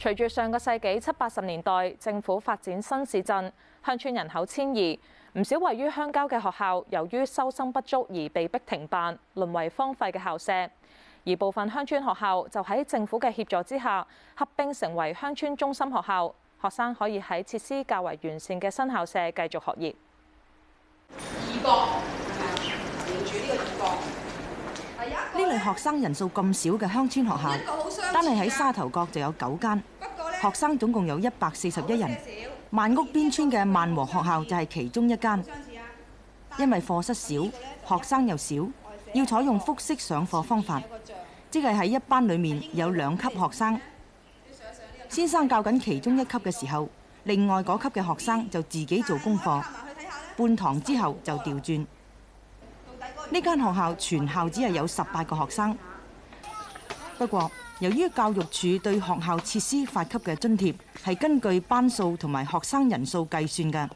隨住上個世紀七八十年代政府發展新市鎮，鄉村人口遷移，唔少位於鄉郊嘅學校由於收生不足而被迫停辦，淪為荒廢嘅校舍。而部分鄉村學校就喺政府嘅協助之下，合併成為鄉村中心學校，學生可以喺設施較為完善嘅新校舍繼續學業。呢類學生人數咁少嘅鄉村學校，單係喺沙頭角就有九間，學生總共有一百四十一人。萬屋邊村嘅萬和學校就係其中一間，因為課室少，這個、學生又少，這個、要採用複式上課方法，即係喺一班裏面有兩級學生。先生教緊其中一級嘅時候，另外嗰級嘅學生就自己做功課，半堂之後就調轉。呢間學校全校只係有十八個學生。不過，由於教育署對學校設施發給嘅津貼係根據班數同埋學生人數計算嘅，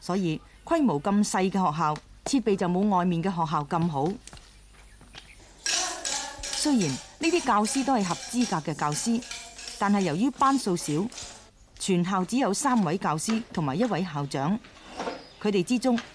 所以規模咁細嘅學校，設備就冇外面嘅學校咁好。雖然呢啲教師都係合資格嘅教師，但係由於班數少，全校只有三位教師同埋一位校長，佢哋之中。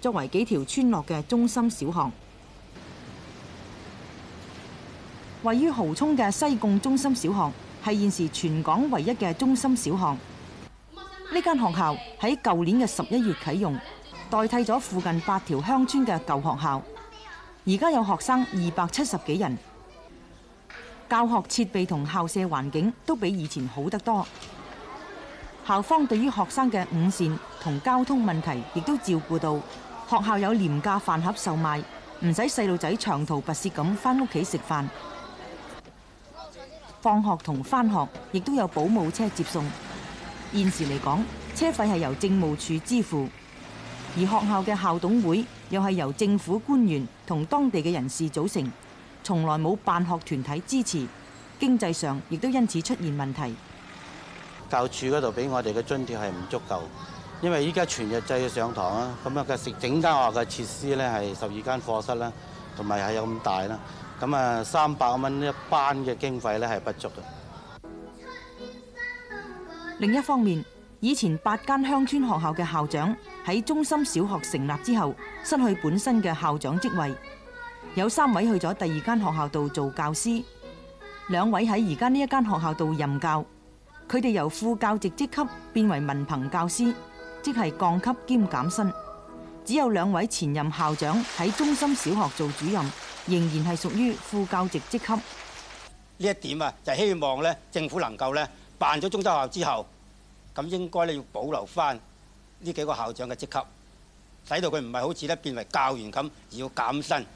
作為幾條村落嘅中心小學，位於蠔涌嘅西貢中心小學係現時全港唯一嘅中心小學。呢間學校喺舊年嘅十一月啟用，代替咗附近八條鄉村嘅舊學校。而家有學生二百七十幾人，教學設備同校舍環境都比以前好得多。校方對於學生嘅午膳同交通問題亦都照顧到。學校有廉價飯盒售賣，唔使細路仔長途跋涉咁返屋企食飯。放學同返學亦都有保姆車接送。現時嚟講，車費係由政務處支付，而學校嘅校董會又係由政府官員同當地嘅人士組成，從來冇辦學團體支持，經濟上亦都因此出現問題。教署嗰度俾我哋嘅津貼係唔足夠。因為依家全日制嘅上堂啊，咁樣嘅食整間學校嘅設施咧，係十二間課室啦，同埋係有咁大啦。咁啊，三百蚊一班嘅經費咧係不足嘅。另一方面，以前八間鄉村學校嘅校長喺中心小學成立之後失去本身嘅校長職位，有三位去咗第二間學校度做教師，兩位喺而家呢一間學校度任教。佢哋由副教職職級變為文憑教師。即係降級兼減薪，只有兩位前任校長喺中心小學做主任，仍然係屬於副教職職級。呢一點啊，就希望咧，政府能夠咧辦咗中心校之後，咁應該咧要保留返呢幾個校長嘅職級，使到佢唔係好似咧變為教員咁，而要減薪。